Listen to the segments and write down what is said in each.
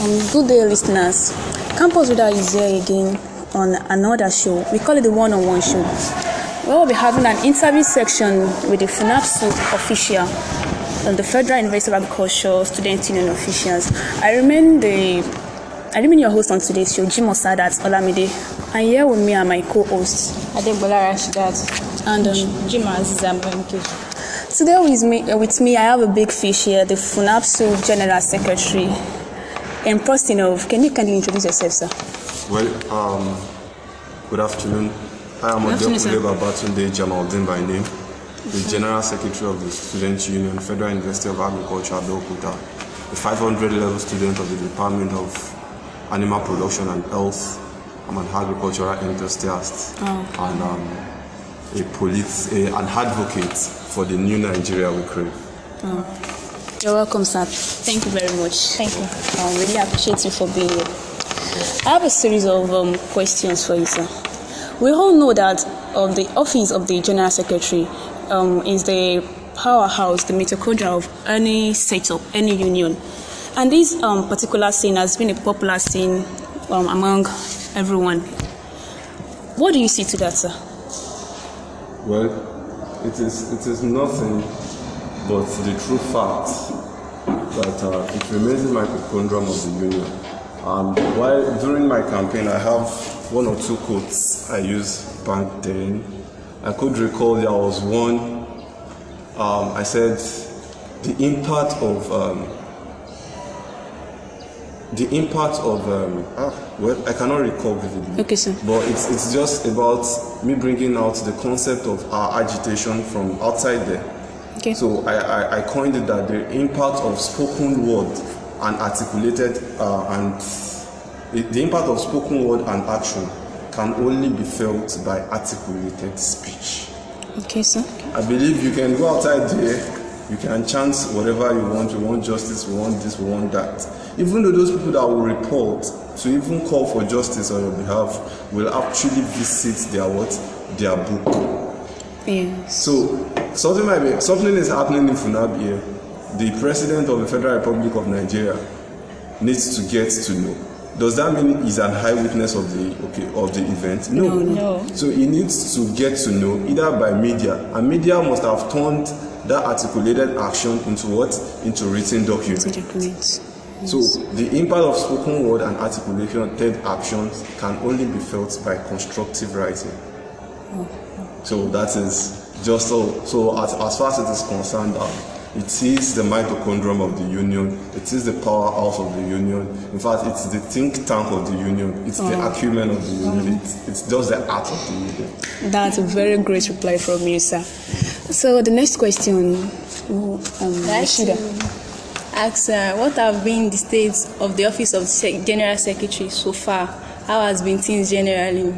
Um, good day, listeners. Campus Reader is here again on another show. We call it the one on one show. We will be having an interview section with the FUNAPSU official and the Federal University of Agriculture Student Union officials. I remain the I remain your host on today's show, Jim Osadat Olamide. And here with me are my co hosts, Adebola Rashidat and um, Jim Azizambanke. Today with me, with me, I have a big fish here, the FUNAPSU General Secretary, and Prostinov. Can you kindly introduce yourself, sir? Well, um, good afternoon. I am Odekunle Batunde Jamaldin by name, the General Secretary of the Student Union, Federal University of Agriculture, Abeokuta, a 500 level student of the Department of Animal Production and Health. I'm an agricultural enthusiast oh. and um, a police, a, an advocate for the new Nigeria we crave. Oh. You're welcome, sir. Thank you very much. Thank you. I really appreciate you for being here. I have a series of um, questions for you, sir. We all know that um, the office of the General Secretary um, is the powerhouse, the mitochondria of any setup, any union. And this um, particular scene has been a popular scene um, among everyone. What do you see to that, sir? Well, it is, it is nothing but the true fact that uh, it remains in my of the union. And while during my campaign, I have one or two quotes I used back then. I could recall there was one um, I said the impact of um, the impact of um, ah, well I cannot recall vividly. Okay, sir. But it's it's just about me bringing out the concept of our agitation from outside there Okay. So I, I, I coined it that the impact of spoken word and articulated uh, and the impact of spoken word and action can only be felt by articulated speech. Okay, sir. I believe you can go outside there, you can chant whatever you want. You want justice, you want this, you want that. Even though those people that will report to even call for justice on your behalf will actually visit their what? Their book. Yes. So Something might be something is happening in Funabia. The president of the Federal Republic of Nigeria needs to get to know. Does that mean he's an eyewitness of the okay of the event? No. no. no. So he needs to get to know either by media, and media must have turned that articulated action into what? Into written document. Documents. Yes. So the impact of spoken word and articulation, articulated actions can only be felt by constructive writing. Oh. So that is Just so, so as, as far as it is concerned, um, it is the mitochondrium of the union. It is the powerhouse of the union. In fact, it's the think tank of the union. It's oh. the acumen of the union. Oh. It's, it's just the art of the union. That's a very great reply from you, sir. So the next question, um, um Ask, uh, what have been the states of the office of the General Secretary so far? How has been things generally?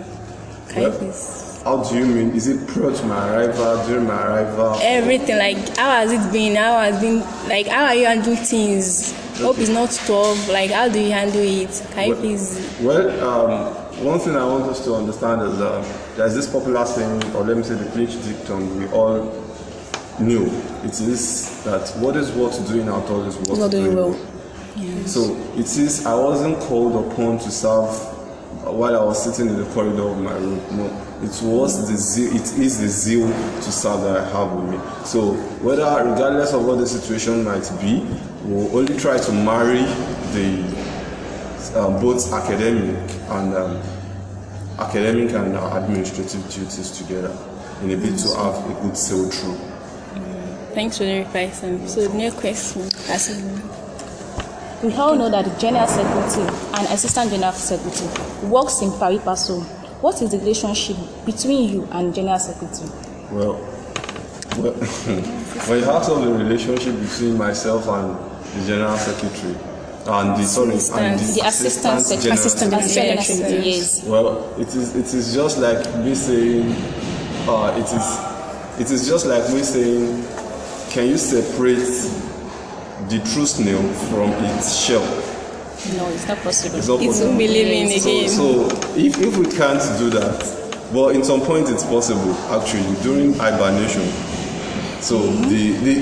Can well, you please? How do you mean? Is it prior my arrival, during my arrival? Everything. Like, how has it been? How has been? Like, how are you handling things? Okay. Hope it's not tough. Like, how do you handle it? Can you please? Well, um, one thing I want us to understand is uh, there's this popular thing or let me say the glitch dictum we all knew. It is that what is worth doing out all is what doing well. Yes. So it is I wasn't called upon to serve while I was sitting in the corridor of my room. No it was the zeal, it is the zeal to serve that I have with me. So whether regardless of what the situation might be, we'll only try to marry the um, both academic and um, academic and administrative duties together in a bit to have a good sell through. Thanks for the reply, Sam. So the next question. We all know that the General Secretary and Assistant General Secretary works in pari passu what is the relationship between you and General Secretary? Well, well, well you have some relationship between myself and the General Secretary. And the, sorry, and the, the assistant, assistant, general, assistant secretary. secretary. Yes. Well, it is it is just like me saying, uh, it is it is just like me saying, can you separate the true snail from its shell? No, it's not possible. It's, not it's possible. believing so, again. So, if, if we can't do that, well, in some point it's possible actually during hibernation. So mm-hmm. the the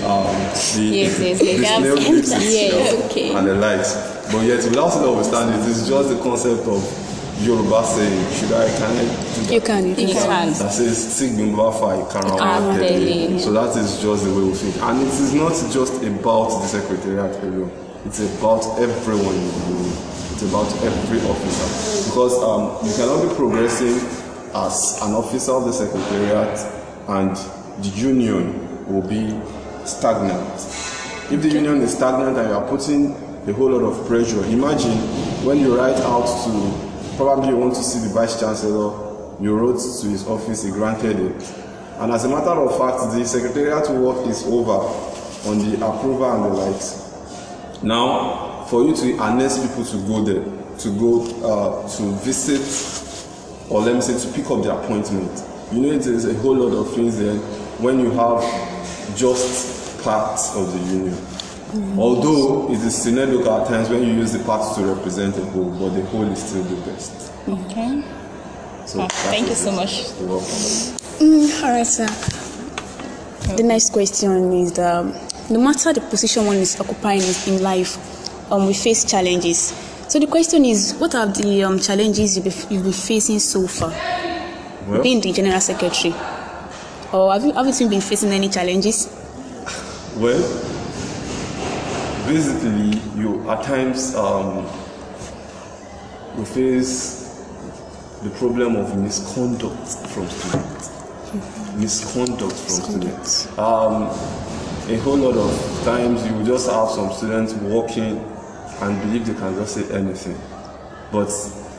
the um, the, the snail and the lights. But yet without it understanding, this is just the concept of Yoruba saying, should I can I You can, you can. You can. That says Sigbimbafa Ikarawa So that is just the way we think. And it is not just about the secretariat alone. It's about everyone you know. It's about every officer. Because um, you cannot be progressing as an officer of the secretariat and the union will be stagnant. If the union is stagnant and you are putting a whole lot of pressure, imagine when you write out to probably you want to see the vice chancellor you wrote to his office, he granted it. And as a matter of fact, the secretariat work is over on the approval and the likes. Now, for you to announce people to go there, to go uh, to visit, or let me say to pick up the appointment, you know there's a whole lot of things there when you have just parts of the union. Mm-hmm. Although it is synodical at times when you use the parts to represent the whole, but the whole is still the best. Okay. So oh, thank you so much. Mm, all right, sir. The next question is. the. Um, no matter the position one is occupying in life, um, we face challenges. So the question is, what are the um, challenges you've been, you been facing so far? Well, Being the general secretary, or have you have you been facing any challenges? Well, basically, you at times um, you face the problem of misconduct from students. Mm-hmm. Misconduct from misconduct. students. Um, a whole lot of times you just have some students walking and believe they can just say anything. But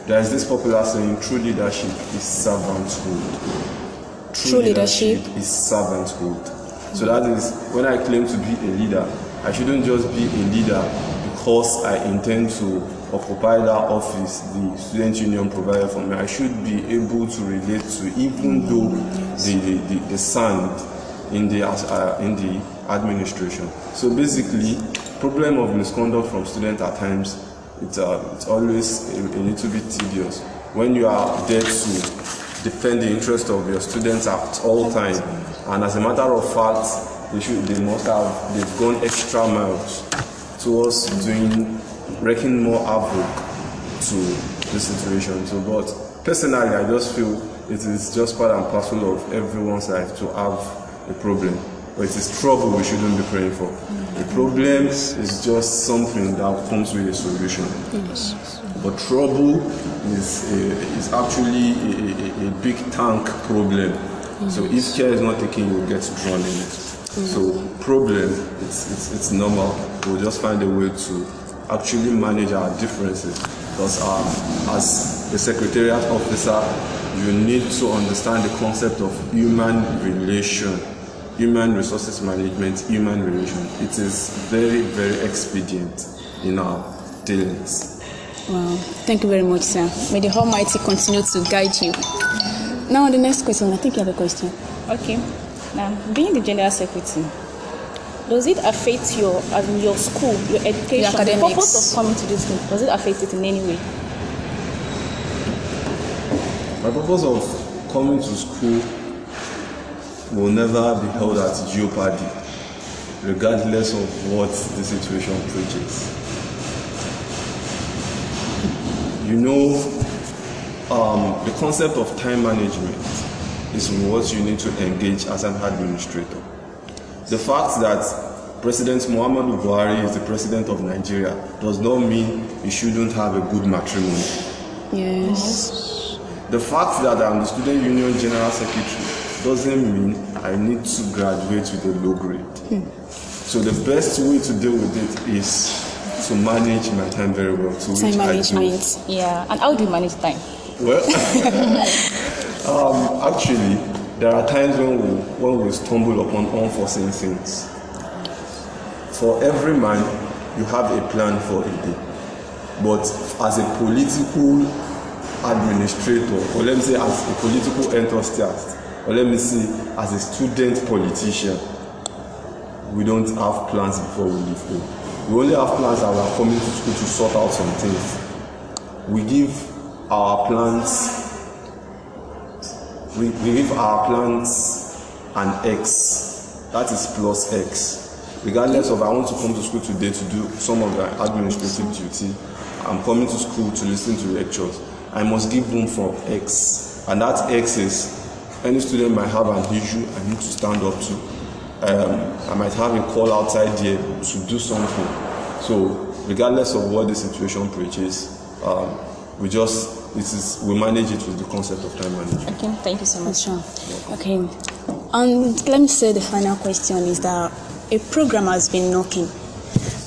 there is this popular saying, true leadership is servanthood. True, true leadership, leadership is servanthood. So that is when I claim to be a leader, I shouldn't just be a leader because I intend to occupy that office the student union provided for me. I should be able to relate to even though the, the, the, the sand in the, uh, in the administration. So basically, problem of misconduct from students at times, it's, uh, it's always a, a little bit tedious. When you are there to defend the interest of your students at all time, and as a matter of fact, they should, they must have, they've gone extra miles towards doing, making more havoc to this situation. So, but personally, I just feel it is just part and parcel of everyone's life to have a problem but it is trouble we shouldn't be praying for. The problem is just something that comes with a solution. Yes. But trouble is, is actually a, a, a, big tank problem. Yes. So if care is not taken, you get drawn in it. Yes. Mm. So problem, it's, it's, it's normal. We'll just find a way to actually manage our differences. Because um, as the secretariat officer, you need to understand the concept of human relation human resources management, human relations. It is very, very expedient in our dealings. Wow. Thank you very much, sir. May the Almighty continue to guide you. Now, the next question. I think you have a question. Okay. Now, being the general secretary, does it affect your um, your school, your education, your the purpose of coming to this school? Does it affect it in any way? My purpose of coming to school will never be held at jeopardy, regardless of what the situation preaches. You know, um, the concept of time management is what you need to engage as an administrator. The fact that President Muhammadu Buhari is the president of Nigeria does not mean you shouldn't have a good matrimony. Yes. The fact that I'm the Student Union General Secretary doesn't mean I need to graduate with a low grade. Hmm. So the best way to deal with it is to manage my time very well. To time management, yeah. And how do you manage time? Well, um, actually, there are times when we when we stumble upon unforeseen things. For every man, you have a plan for a day, but as a political administrator, or let me say as a political enthusiast, or let me see. as a student politician we don't have plans before we leave home we only have plans that we are coming to school to sort out some things we give our plans we, we give our plans an x that is plus x regardless of i want to come to school today to do some of the administrative duty i'm coming to school to lis ten to lectures i must give room for x and that x is any student might have an issue I need to stand up to. Um, I might have a call outside there to do something. So, regardless of what the situation preaches, um, we just it is we manage it with the concept of time management. Okay, thank you so much. Sean. Okay, and um, let me say the final question is that a program has been knocking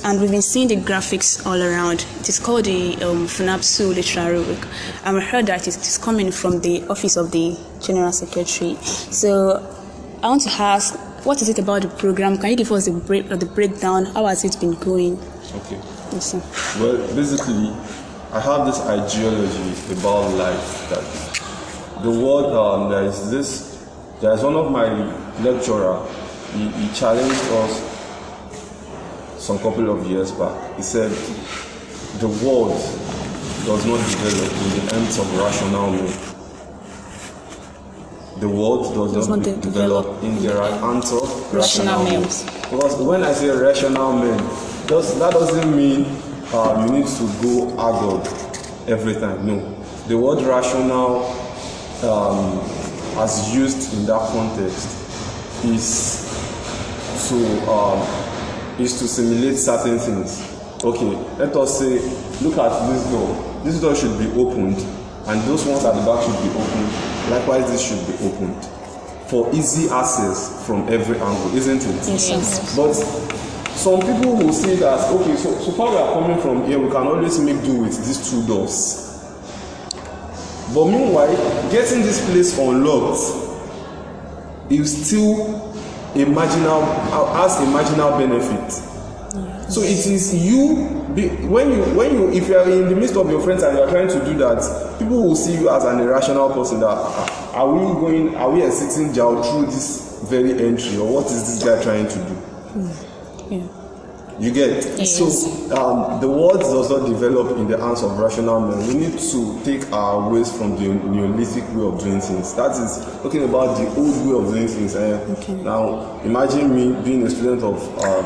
and we've been seeing the graphics all around. It is called the um, FUNAPSU Literary Week, and we heard that it is coming from the office of the General Secretary. So I want to ask, what is it about the program? Can you give us the, break, the breakdown? How has it been going? Okay. Yes, well, basically, I have this ideology about life that the world, um, there is this, there's one of my lecturer, he, he challenged us some couple of years back. He said, The world does not develop in the ends of rational men. The world does, does not, not develop, in the right of rational, rational men. Because when I say rational men, does, that doesn't mean uh, you need to go agog every time. No. The word rational, um, as used in that context, is to um, is to simulate certain things. Okay, let us say, look at this door. This door should be opened, and those ones at the back should be opened. Likewise, this should be opened for easy access from every angle, isn't it? Yes. But some people will say that, okay, so, so far we are coming from here, we can always make do with these two doors. But meanwhile, getting this place unlocked is still a marginal has a marginal benefit. So it is you be, when you when you if you are in the midst of your friends and you are trying to do that, people will see you as an irrational person. That ah, are we going? Are we exiting jail through this very entry, or what is this guy trying to do? Hmm. Yeah. yeah. You get yes. so um, the words does not develop in the hands of rational men. We need to take our ways from the Neolithic way of doing things. That is talking about the old way of doing things. Eh? Okay. Now imagine me being a student of um,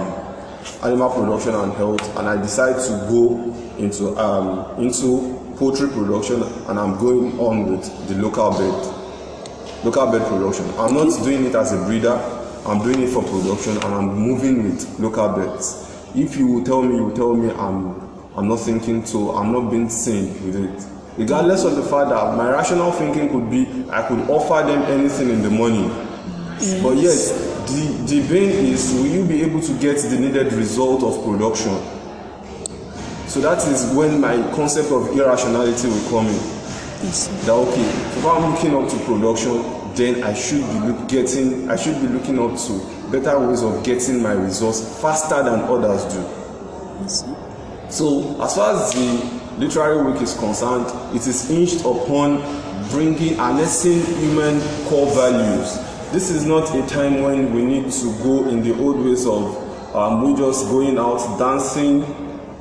animal production and health, and I decide to go into um, into poultry production, and I'm going on with the local bird local bird production. I'm not doing it as a breeder. I'm doing it for production and I'm moving with local birds. If you will tell me, you will tell me I'm I'm not thinking so, I'm not being sane with it. Regardless of the fact that my rational thinking could be I could offer them anything in the money. Yes. But yes, the, the vein is will you be able to get the needed result of production? So that is when my concept of irrationality will come in. Yes. That okay, if I'm looking up to production, then I should be look, getting, I should be looking up to better ways of getting my results faster than others do. So, as far as the literary week is concerned, it is hinged upon bringing and lessening human core values. This is not a time when we need to go in the old ways of um, we just going out dancing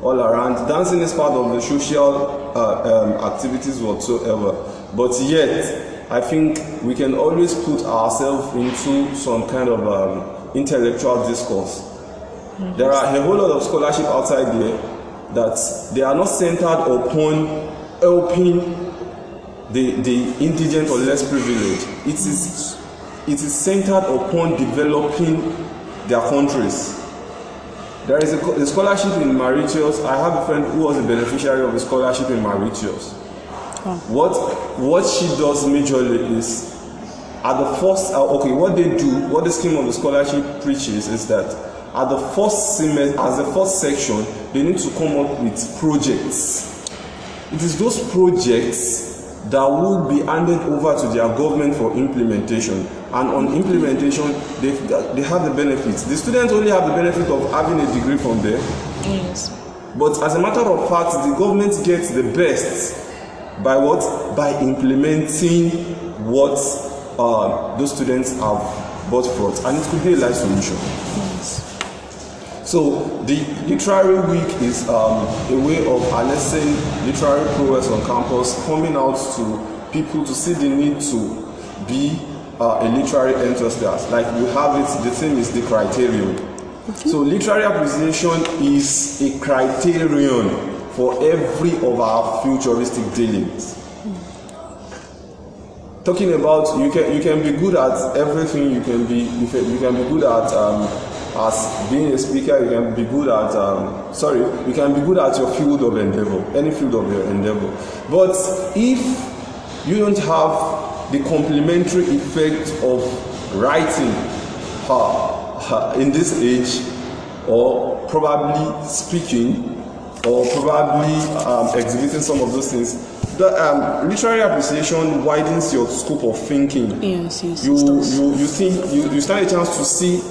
all around. Dancing is part of the social uh, um, activities whatsoever, but yet I think we can always put ourselves into some kind of um, intellectual discourse. There are a whole lot of scholarship outside there that they are not centered upon helping the, the indigent or less privileged. It is, it is centered upon developing their countries. There is a, a scholarship in Mauritius. I have a friend who was a beneficiary of a scholarship in Mauritius. Oh. What, what she does majorly is at the first uh, okay what they do what the scheme of the scholarship preaches is that at the first semester as the first section they need to come up with projects it is those projects that would be handed over to their government for implementation and on implementation they they have the benefits the students only have the benefit of having a degree from there yes but as a matter of fact the government gets the best by what by implementing what uh, those students have bought fraud, and it could be a life solution. So the literary week is um, a way of harnessing literary progress on campus, coming out to people to see the need to be uh, a literary enthusiast. Like we have it, the theme is the criterion. Okay. So literary appreciation is a criterion for every of our futuristic dealings talking about you can you can be good at everything you can be you can, you can be good at um, as being a speaker you can be good at um, sorry you can be good at your field of endeavor any field of your endeavor but if you don't have the complementary effect of writing uh, in this age or probably speaking or probably um, exhibiting some of those things The um, literary appreciation widens your scope of thinking. Yes, yes. You you you think you, you stand a chance to see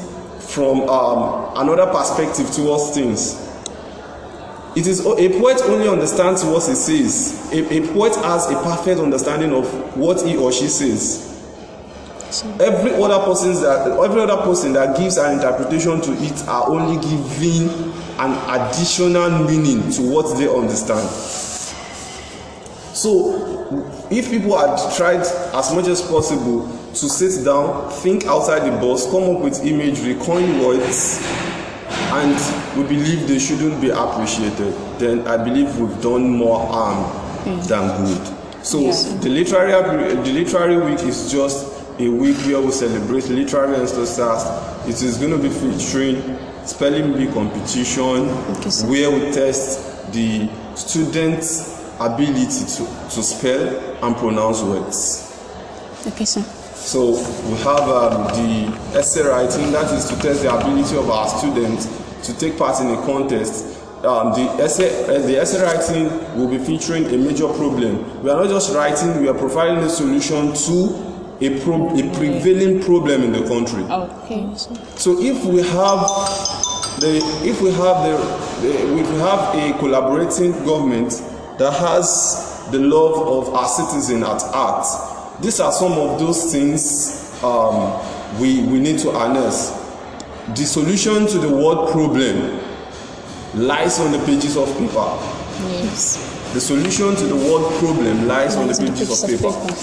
from um, another perspective towards things. It is a poet only understands what he says. A, a poet has a perfect understanding of what he or she says. Every other person that every other person that gives an interpretation to it are only giving an additional meaning to what they understand. So, if people had tried as much as possible to sit down, think outside the box, come up with imagery, coin words, and we believe they shouldn't be appreciated, then I believe we've done more harm mm. than good. So, yes. the literary the literary week is just a week where we celebrate literary ancestors. It is going to be featuring spelling bee competition where we test the students ability to, to spell and pronounce words. Okay, sir. So we have um, the essay writing, that is to test the ability of our students to take part in a contest. Um, the, essay, uh, the essay writing will be featuring a major problem. We are not just writing, we are providing a solution to a, pro- a prevailing problem in the country. Okay. So if we have the if we have the, the if we have a collaborating government that has the love of our citizen at heart. These are some of those things um, we, we need to harness. The solution to the world problem lies on the pages of paper. Yes. The solution to the world problem lies yes, on the pages, the pages of, of paper. paper.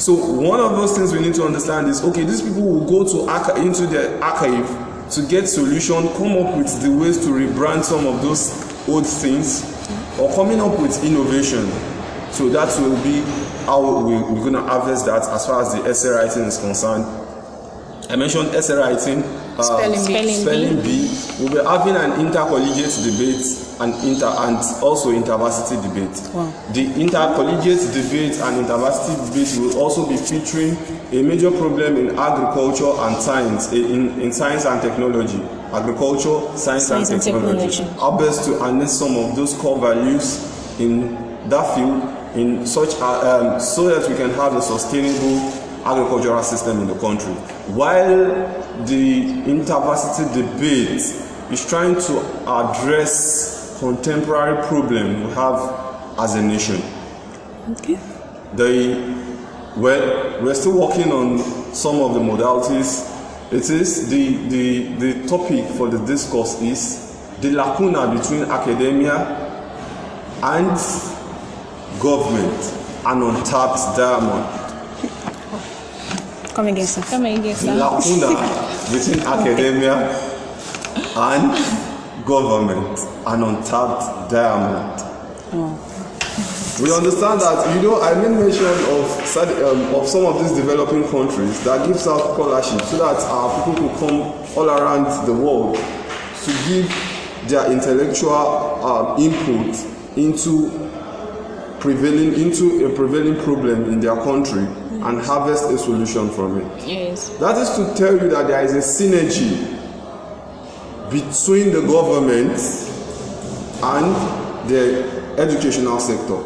So one of those things we need to understand is okay, these people will go to into their archive to get solution, come up with the ways to rebrand some of those old things or coming up with innovation. So that will be how we, we're going to harvest that as far as the essay writing is concerned. I mentioned essay writing spelling, spelling bee. We'll be having an intercollegiate debate and inter and also intervarsity debate. Wow. The intercollegiate debate and intervarsity debate will also be featuring a major problem in agriculture and science, eh, in, in science and technology agriculture, science, science and, technology. and, technology. best to harness some of those core values in that field, in such a, um, so that we can have a sustainable agricultural system in the country. while the intervarsity debate is trying to address contemporary problem we have as a nation. Okay. The well, we're still working on some of the modalities. It is the the the topic for the discourse is the lacuna between academia and government, an untapped diamond. Come against us. Come against us. Lacuna between academia and government, an untapped diamond. Oh. We understand that, you know, I made mention of, um, of some of these developing countries that gives out scholarships so that our people could come all around the world to give their intellectual um, input into prevailing into a prevailing problem in their country and harvest a solution from it. Yes. That is to tell you that there is a synergy between the government and the educational sector.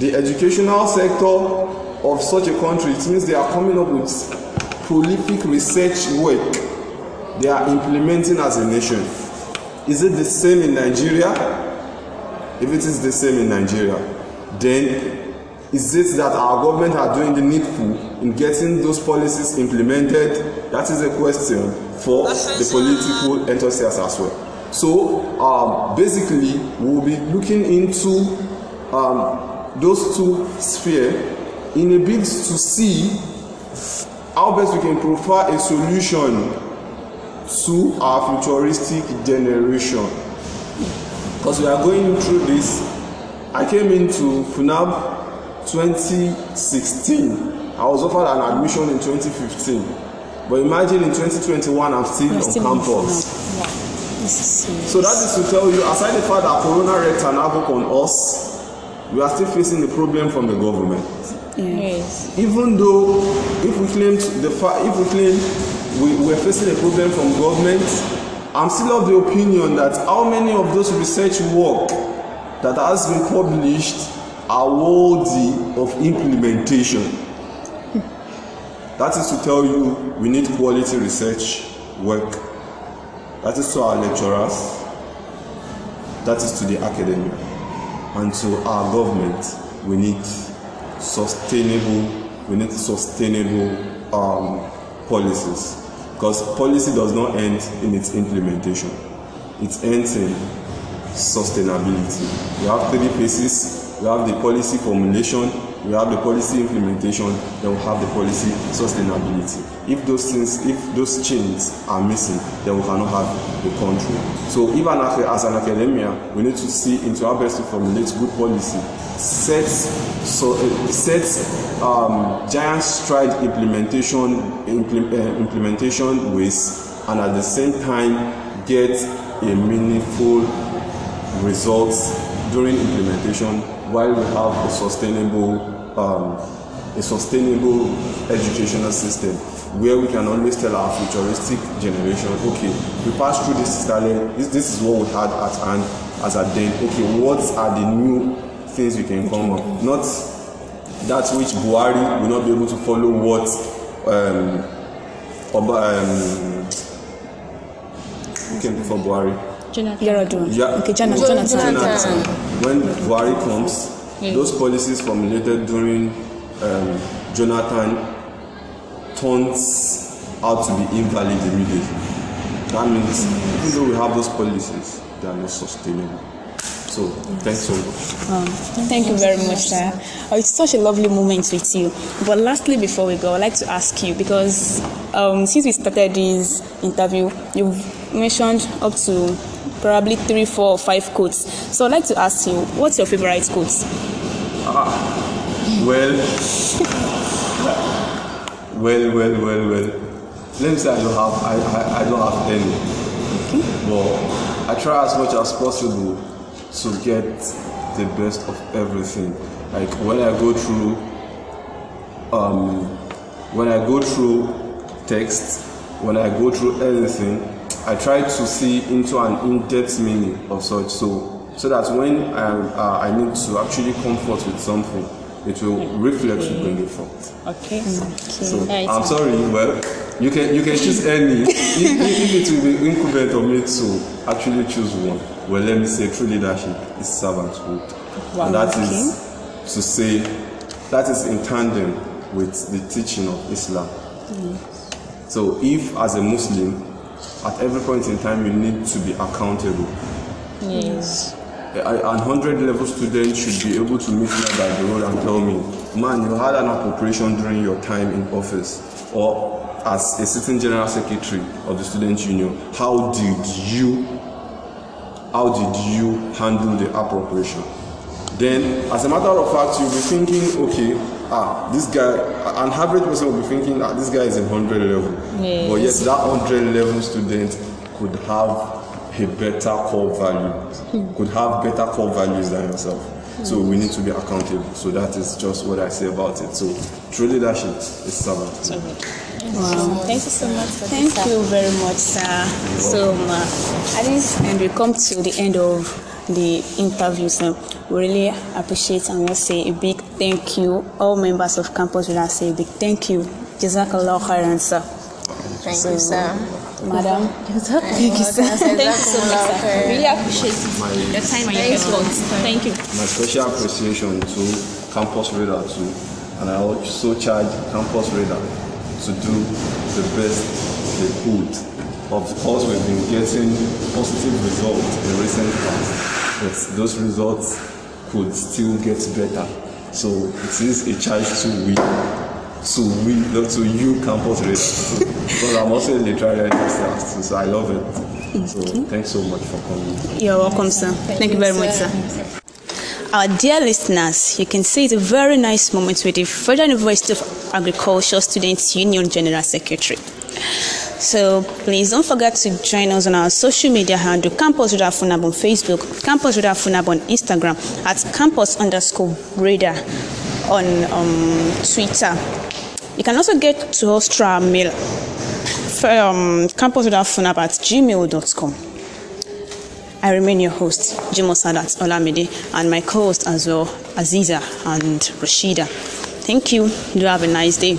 The educational sector of such a country, it means they are coming up with prolific research work they are implementing as a nation. Is it the same in Nigeria? If it is the same in Nigeria, then is it that our government are doing the needful in getting those policies implemented that is a question for the political enthusiasts as well so um, basically we will be looking into um, those two spheres in a bid to see how best we can provide a solution to our futuristic generation because we are going through this i came into funab 2016 i was offered an admission in 2015 but imagine in 2021 i'm still on campus yeah. so that is to tell you aside the fact that corona wreaked an havoc on us we are still facing the problem from the government yes. even though if we claim the fact if we claim we we are facing a problem from government i'm still of the opinion that how many of those research work that has been published are of implementation. that is to tell you we need quality research work. That is to our lecturers, that is to the academia, and to our government. We need sustainable, we need sustainable um, policies because policy does not end in its implementation, it ends in sustainability. You have three phases we have the policy formulation we have the policy implementation then we have the policy sustainability if those things if those chains are missing then we cannot have the country so even as an academia we need to see into how best to formulate good policy set so uh, set um, giant stride implementation impl uh, implementation ways and at the same time get a meaningful results during implementation While we have a sustainable um, a sustainable educational system where we can always tell our futuristic generation okay we passed through this talent this, this is what we had at hand as at then okay what are the new things we can come up not that which buhari will not be able to follow what um, oba um, who came before buhari jonathan yeah. okay jonathan jonathan, jonathan. jonathan. when Buhari comes, hmm. those policies formulated during um, Jonathan turns out to be invalid immediately. That means even though we have those policies, they are not sustainable. So thanks so much. Um, thank you very much, sir. Oh, it's such a lovely moment with you. But lastly, before we go, I'd like to ask you because um, since we started this interview, you've mentioned up to probably three, four, or five quotes. So I'd like to ask you, what's your favorite quotes? Ah, well, well, well, well, well. Let me say I don't have, I, I, I don't have any. Okay. But I try as much as possible to get the best of everything. Like when I go through, um, when I go through text, when I go through anything, I try to see into an in-depth meaning of such, so so that when I, uh, I need to actually comfort with something, it will reflect okay. to bring it forth. Okay. okay. So I'm sorry, well, you can you can choose any. if, if, it will be incumbent on me to actually choose one, well, let me say true leadership is servanthood, wow. and that okay. is to say that is in tandem with the teaching of Islam. So, if as a Muslim at every point in time you need to be accountable. Yes. A, hundred level student should be able to meet me by the road and tell me, man, you had an appropriation during your time in office, or as a sitting general secretary of the student union, how did you, how did you handle the appropriation? Then, as a matter of fact, you'll be thinking, okay, ah, this guy, an average person will be thinking, ah, this guy is in 100 level. Yes. But yet, that 100 level student could have a better core value, hmm. could have better core values than yourself. Yes. So we need to be accountable. So that is just what I say about it. So true leadership is servant. Wow. Thank you so much. Thank you very much, sir. So, uh, at this end, we come to the end of the interview. So we really appreciate and we'll say a big thank you. All members of campus will say a big thank you. Jazakallah khairan, sir. Thank so, you, sir. Madam, thank you, sir. Thank you so much, sir. Really appreciate my, your time and your efforts. Thank you. My special appreciation to Campus Radar too, and I also charge Campus Radar to do the best they could. Of course, we've been getting positive results in recent past that those results could still get better. So it is a challenge to win. to we, not to you, campus race. because I'm also a literary editor, so I love it. So thanks so much for coming. You're welcome, sir. Thank you very much, sir. Our dear listeners, you can see it's a very nice moment with the Federal University of Agriculture Students Union General Secretary. So please don't forget to join us on our social media handle Campus Radar Funab on Facebook, Campus Radar Funab on Instagram, at Campus underscore Radar on um, Twitter. You can also get to us through our mail um, Radar Funab at gmail.com. I remain your host, Jimo Sadat Olamide, and my co host as well, Aziza and Rashida. Thank you. Do have a nice day.